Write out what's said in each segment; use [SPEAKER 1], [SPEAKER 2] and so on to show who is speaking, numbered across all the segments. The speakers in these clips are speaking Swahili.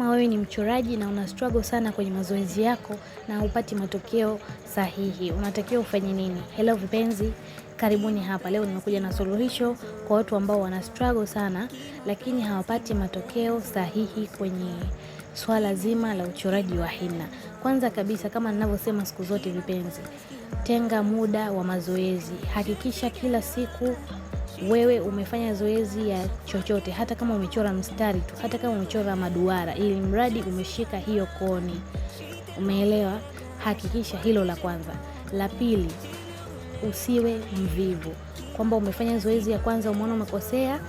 [SPEAKER 1] Kama wewe ni mchoraji na una struggle sana kwenye mazoezi yako na upati matokeo sahihi, unatakiwa ufanye nini? Hello vipenzi, karibuni hapa. Leo nimekuja na suluhisho kwa watu ambao wana struggle sana, lakini hawapati matokeo sahihi kwenye swala zima la uchoraji wa hina. Kwanza kabisa, kama ninavyosema siku zote vipenzi, tenga muda wa mazoezi, hakikisha kila siku wewe umefanya zoezi ya chochote, hata kama umechora mstari tu, hata kama umechora maduara, ili mradi umeshika hiyo koni. Umeelewa? Hakikisha hilo la kwanza. La pili, usiwe mvivu, kwamba umefanya zoezi ya kwanza, umeona umekosea,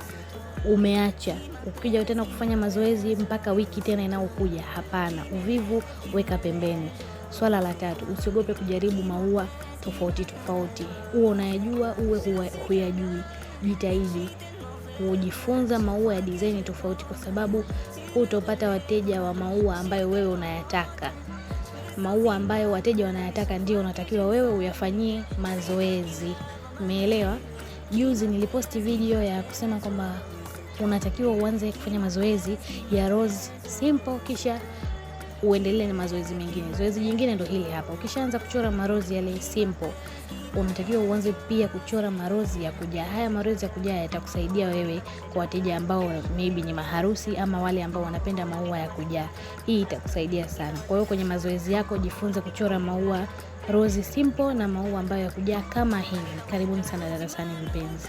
[SPEAKER 1] umeacha ukija tena kufanya mazoezi mpaka wiki tena inayokuja. Hapana, uvivu weka pembeni. Swala la tatu, usiogope kujaribu maua tofauti tofauti, huo unayajua, uwe huyajui jitahidi kujifunza maua ya dizaini tofauti, kwa sababu hutopata wateja wa maua ambayo wewe unayataka. Maua ambayo wateja wanayataka ndio unatakiwa wewe uyafanyie mazoezi, umeelewa? Juzi niliposti video ya kusema kwamba unatakiwa uanze kufanya mazoezi ya rose simple kisha uendelee na mazoezi mengine. Zoezi jingine ndo hili hapa. Ukishaanza kuchora marozi yale simple, unatakiwa uanze pia kuchora marozi ya kujaa. Haya marozi ya kujaa yatakusaidia wewe kwa wateja ambao maybe ni maharusi ama wale ambao wanapenda maua ya kujaa. Hii itakusaidia sana. Kwa hiyo kwenye mazoezi yako jifunze kuchora maua rozi simple na maua ambayo ya kujaa kama hivi. Karibuni sana darasani vipenzi.